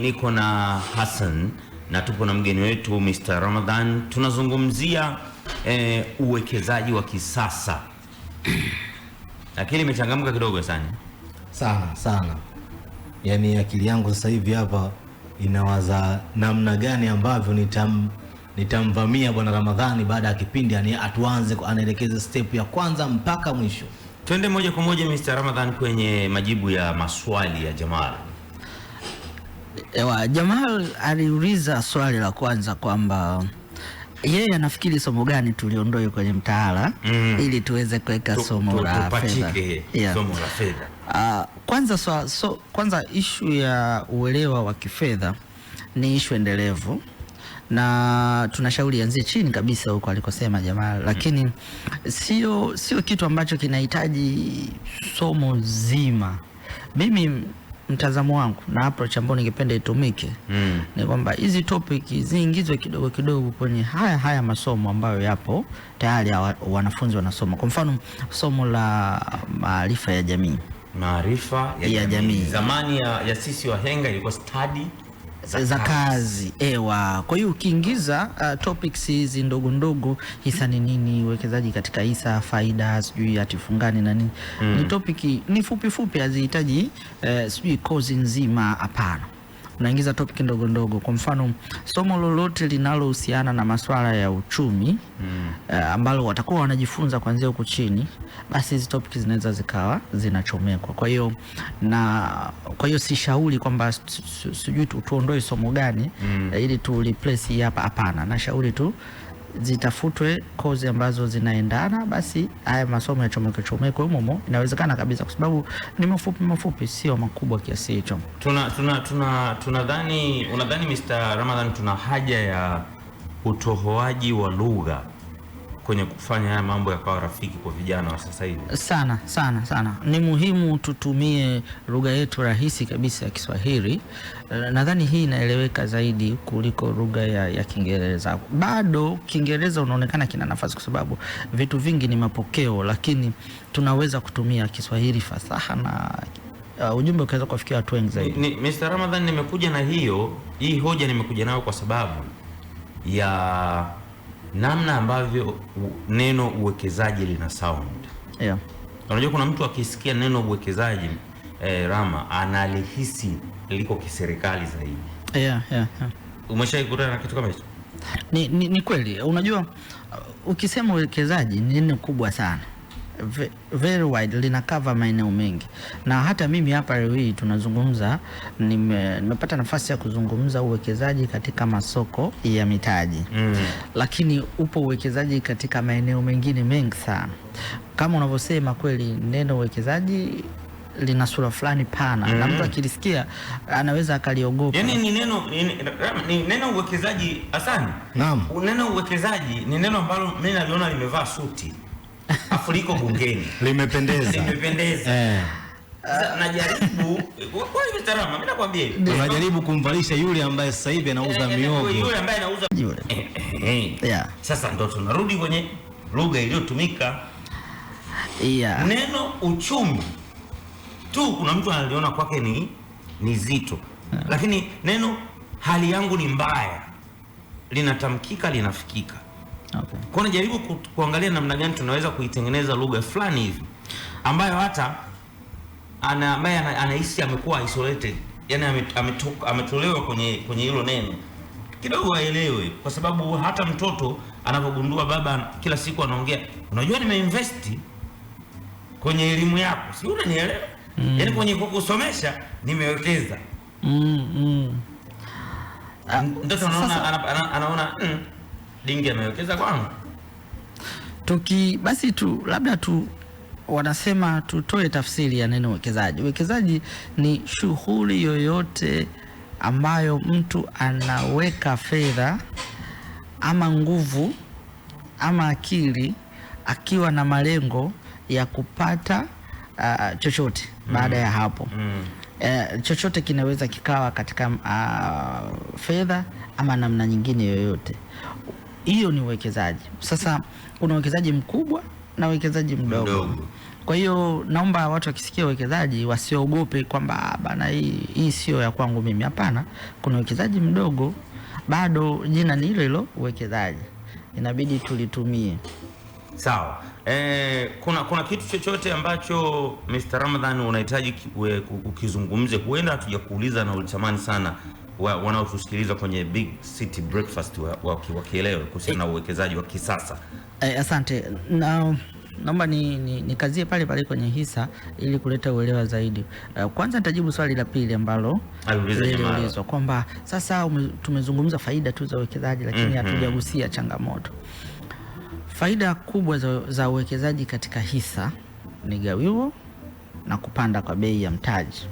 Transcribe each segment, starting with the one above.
Niko na Hassan na tupo na mgeni wetu Mr. Ramadhan, tunazungumzia e, uwekezaji wa kisasa akili imechangamka kidogo sana sana sana, yaani akili yangu sasa hivi hapa inawaza namna gani ambavyo nitam nitamvamia bwana Ramadhani baada ya kipindi, yani atuanze anaelekeza step ya kwanza mpaka mwisho. Twende moja kwa moja Mr. Ramadhan kwenye majibu ya maswali ya jamaa. Ewa, Jamal aliuliza swali la kwanza kwamba yeye anafikiri somo gani tuliondoe kwenye mtaala mm, ili tuweze kuweka somo, somo la fedha Uh, kwanza, so, so, kwanza ishu ya uelewa wa kifedha ni ishu endelevu na tunashauri ianzie chini kabisa huko alikosema jamaa, mm. lakini mm, sio sio kitu ambacho kinahitaji somo zima. Mimi mtazamo wangu na approach ambayo ningependa itumike mm. ni kwamba hizi topic ziingizwe kidogo kidogo kwenye haya haya masomo ambayo yapo tayari wanafunzi wanasoma. Kwa mfano somo la maarifa ya jamii, maarifa ya, ya jamii. Jamii zamani ya, ya sisi wahenga ilikuwa study za, za kazi ewa. Kwa hiyo ukiingiza uh, topics hizi ndogo ndogo, hisa ni nini, uwekezaji katika hisa, faida, sijui hatifungani na nini mm. ni hmm. topic ni fupi fupi, hazihitaji uh, sijui kozi nzima, hapana unaingiza topic ndogo ndogo, kwa mfano somo lolote linalohusiana na masuala ya uchumi mm. uh, ambalo watakuwa wanajifunza kuanzia huku chini, basi hizi topic zinaweza zikawa zinachomekwa. Kwa hiyo na kwa hiyo sishauri kwamba sijui tuondoe somo gani mm. uh, ili tu replace hapa, hapana, nashauri tu zitafutwe kozi ambazo zinaendana, basi haya masomo ya chomeke chomeke humo inawezekana kabisa, kwa sababu ni mafupi mafupi, sio makubwa kiasi hicho. tuna tuna tuna tunadhani, unadhani Mr. Ramadhan, tuna haja ya utohoaji wa lugha kwenye kufanya haya mambo yakawa rafiki kwa vijana wa sasa hivi? Sana sana sana, ni muhimu tutumie lugha yetu rahisi kabisa ya Kiswahili. Nadhani hii inaeleweka zaidi kuliko lugha ya, ya Kiingereza. Bado Kiingereza unaonekana kina nafasi kwa sababu vitu vingi ni mapokeo, lakini tunaweza kutumia Kiswahili fasaha na Uh, ujumbe ukaweza kuwafikia watu wengi zaidi. Ni, Mr. Ramadhan, nimekuja na hiyo hii hoja nimekuja nayo kwa sababu ya namna ambavyo neno uwekezaji lina sound. Yeah. Unajua kuna mtu akisikia neno uwekezaji eh, Rama analihisi liko kiserikali zaidi. Yeah, yeah, yeah. Umeshaikutana na kitu kama hicho? Ni, ni, ni kweli unajua, ukisema uwekezaji ni neno kubwa sana very wide, lina cover maeneo mengi, na hata mimi hapa leo hii tunazungumza, nime, nimepata nafasi ya kuzungumza uwekezaji katika masoko ya mitaji mm. Lakini upo uwekezaji katika maeneo mengine mengi sana, kama unavyosema kweli, neno uwekezaji lina sura fulani pana mm. na mtu mm. akilisikia anaweza akaliogopa. yani ni neno ni neno uwekezaji, asani. Naam. Neno uwekezaji ni neno ambalo mimi naliona limevaa suti mafuriko bungeni limependeza, limependeza eh. Najaribu kumvalisha yule ambaye sasa hivi anauza eh, eh, eh, miogo, yule ambaye anauza yeah. Sasa ndo tunarudi kwenye lugha iliyotumika yeah. Neno uchumi tu kuna mtu analiona kwake ni ni zito yeah. Lakini neno hali yangu ni mbaya linatamkika, linafikika Okay. Kwa najaribu kuangalia namna gani tunaweza kuitengeneza lugha fulani hivi ambayo hata ana ambaye anahisi amekuwa isolated, yani ametolewa kwenye kwenye hilo neno kidogo aelewe, kwa sababu hata mtoto anapogundua baba kila siku anaongea, unajua nimeinvest kwenye elimu yako, si unanielewa? mm. Yani kwenye kukusomesha nimewekeza. mm, mm. Mtoto anaona anaona mm. Dingi amewekeza kwangu. Tuki basi tu labda tu wanasema tutoe tafsiri ya neno uwekezaji. Uwekezaji ni shughuli yoyote ambayo mtu anaweka fedha ama nguvu ama akili akiwa na malengo ya kupata uh, chochote mm. Baada ya mm. hapo mm. Uh, chochote kinaweza kikawa katika uh, fedha ama namna nyingine yoyote hiyo ni uwekezaji. Sasa kuna uwekezaji mkubwa na uwekezaji mdogo, mdogo. Kwa hiyo naomba watu wakisikia uwekezaji wasiogope kwamba ah, bana, hii hii sio ya kwangu mimi. Hapana, kuna uwekezaji mdogo, bado jina ni hilo hilo, uwekezaji, inabidi tulitumie. Sawa. Eh, kuna kuna kitu chochote ambacho Mr. Ramadhan unahitaji ukizungumze, huenda hatujakuuliza na ulitamani sana wanaotusikiliza kwenye Big City Breakfast wakielewe wa, wa kuhusiana na uwekezaji wa kisasa eh, eh asante na naomba nikazie ni, ni pale pale kwenye hisa ili kuleta uelewa zaidi. Eh, kwanza nitajibu swali la pili ambalo ah, liliulizwa kwamba sasa ume, tumezungumza faida tu za uwekezaji lakini mm-hmm. hatujagusia mm -hmm. changamoto. Faida kubwa za uwekezaji katika hisa ni gawio na kupanda kwa bei ya mtaji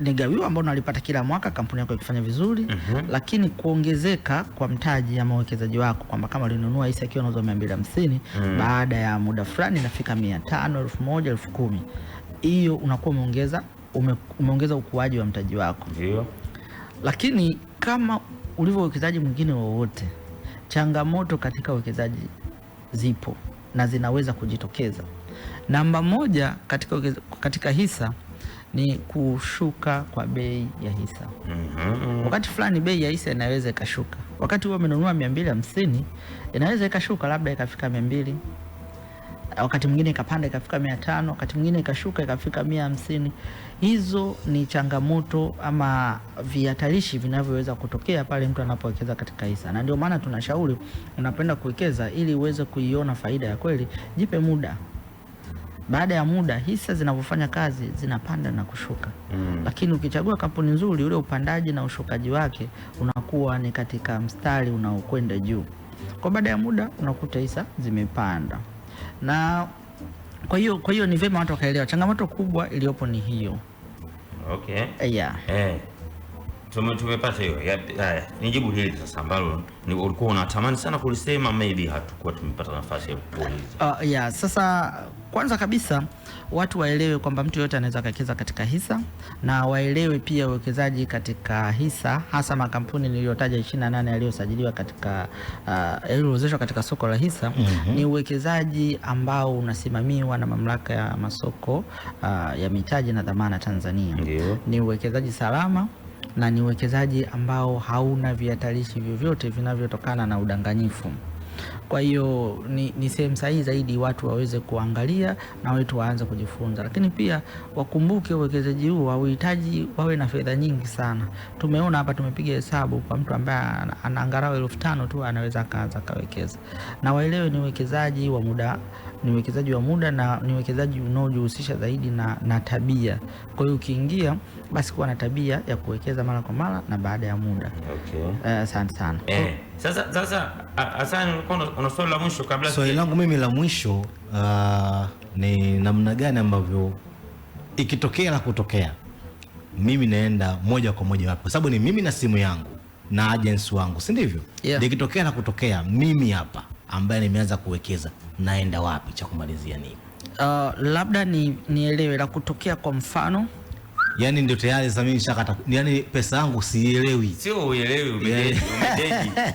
ni gawio ambao nalipata kila mwaka kampuni yako ikifanya vizuri mm -hmm. Lakini kuongezeka kwa mtaji ama uwekezaji wako kwamba kama ulinunua hisa ikiwa nauza mia mbili hamsini mm. Baada ya muda fulani inafika mia tano elfu moja elfu kumi hiyo unakuwa umeongeza ume, umeongeza ukuaji wa mtaji wako Ndiyo. Lakini kama ulivyo uwekezaji mwingine wowote, changamoto katika uwekezaji zipo na zinaweza kujitokeza. Namba moja katika, katika hisa ni kushuka kwa bei ya hisa. mm -hmm. Wakati fulani bei ya hisa inaweza ikashuka, wakati huo umenunua mia mbili hamsini inaweza ikashuka labda ikafika mia mbili wakati mwingine ikapanda ikafika mia tano wakati mwingine ikashuka ikafika mia hamsini. Hizo ni changamoto ama vihatarishi vinavyoweza kutokea pale mtu anapowekeza katika hisa, na ndio maana tunashauri unapenda kuwekeza ili uweze kuiona faida ya kweli, jipe muda baada ya muda hisa zinavyofanya kazi zinapanda na kushuka mm. Lakini ukichagua kampuni nzuri, ule upandaji na ushukaji wake unakuwa ni katika mstari unaokwenda juu, kwa baada ya muda unakuta hisa zimepanda na kwa hiyo kwa hiyo ni vema watu wakaelewa changamoto kubwa iliyopo ni hiyo. Okay. Yeah. Hey. Eh tumepata hiyo. Haya, nijibu hili sasa ambalo ulikuwa unatamani sana kulisema, maybe hatukuwa tumepata nafasi ya kuuliza. Uh, ah, yeah, sasa kwanza kabisa watu waelewe kwamba mtu yote anaweza akawekeza katika hisa na waelewe pia uwekezaji katika hisa, hasa makampuni niliyotaja 28 yaliyosajiliwa katika uh, ah, yaliyowezeshwa katika soko la hisa mm -hmm. Ni uwekezaji ambao unasimamiwa na Mamlaka ya Masoko uh, ya Mitaji na Dhamana Tanzania. Ndiyo. Ni uwekezaji salama na ni uwekezaji ambao hauna vihatarishi vyovyote vinavyotokana na udanganyifu. Kwa hiyo ni, ni sehemu sahihi zaidi watu waweze kuangalia na wetu waanze kujifunza, lakini pia wakumbuke uwekezaji huu hauhitaji wawe na fedha nyingi sana. Tumeona hapa, tumepiga hesabu kwa mtu ambaye ana angalau elfu tano tu anaweza akaanza akawekeza, na waelewe ni uwekezaji wa muda ni uwekezaji wa muda na ni uwekezaji unaojihusisha zaidi na, na tabia. Kwa hiyo ukiingia basi kuwa na tabia ya kuwekeza mara kwa mara na baada ya muda. Okay. Eh, asante uh, sana eh. Sasa sasa Hassan, una swali la mwisho kabla swali so, langu mimi la mwisho uh, ni namna gani ambavyo ikitokea na kutokea mimi naenda moja kwa moja hapo, sababu ni mimi na simu yangu na agents wangu, si ndivyo? Yeah. ikitokea na kutokea mimi hapa ambaye nimeanza kuwekeza, naenda wapi? Cha kumalizia nini? Uh, labda ni nielewe la kutokea kwa mfano yani ndio tayari sasa mimi shaka yani pesa yangu sielewi. Sio uelewi, umededi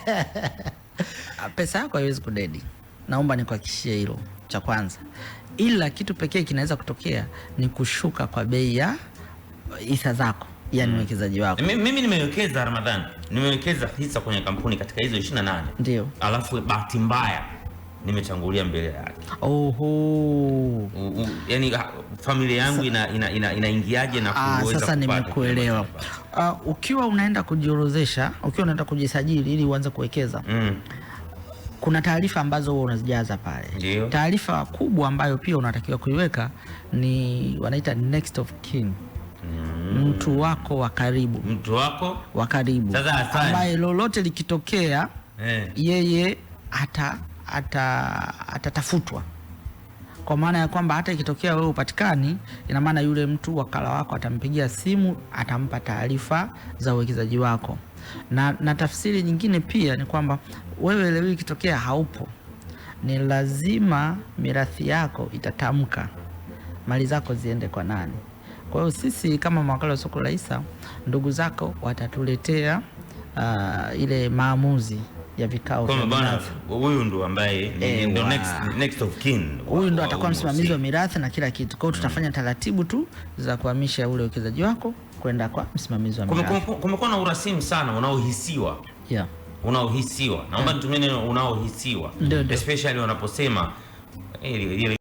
uh, Pesa yako haiwezi kudedi, naomba nikuhakikishie hilo cha kwanza, ila kitu pekee kinaweza kutokea ni kushuka kwa bei ya hisa uh, zako yani mm. mwekezaji mm. wako. Mimi nimewekeza Ramadhani, nimewekeza hisa kwenye kampuni katika hizo 28. Ndio. Alafu bahati mbaya nimetangulia mbele yake. Oho. yani familia yangu inaingiaje ina, ina, ina na ah, kuweza sasa nimekuelewa. Uh, ukiwa unaenda kujiorozesha, ukiwa unaenda kujisajili ili uanze kuwekeza mm. Kuna taarifa ambazo huwa unazijaza pale. Taarifa kubwa ambayo pia unatakiwa kuiweka ni wanaita next of kin mtu wako wa karibu, mtu wako wa karibu ambaye lolote likitokea eh, yeye atatafutwa ata, ata kwa maana ya kwamba hata ikitokea wewe upatikani, ina maana yule mtu wakala wako atampigia simu, atampa taarifa za uwekezaji wako na, na tafsiri nyingine pia ni kwamba wewe leo ikitokea haupo, ni lazima mirathi yako itatamka mali zako ziende kwa nani. Kwa hiyo sisi kama mawakala wa soko la hisa, ndugu zako watatuletea uh, ile maamuzi ya vikao huyu ndo ambaye eh, ndo next, next of kin huyu ndo atakuwa msimamizi wa mirathi na kila kitu. Kwa hiyo mm. tutafanya mm, taratibu tu za kuhamisha ule uwekezaji wako kwenda kwa msimamizi wa mirathi. Kumekuwa na urasimu sana unaohisiwa yeah, unaohisiwa naomba nitumie neno unaohisiwa, especially wanaposema eh,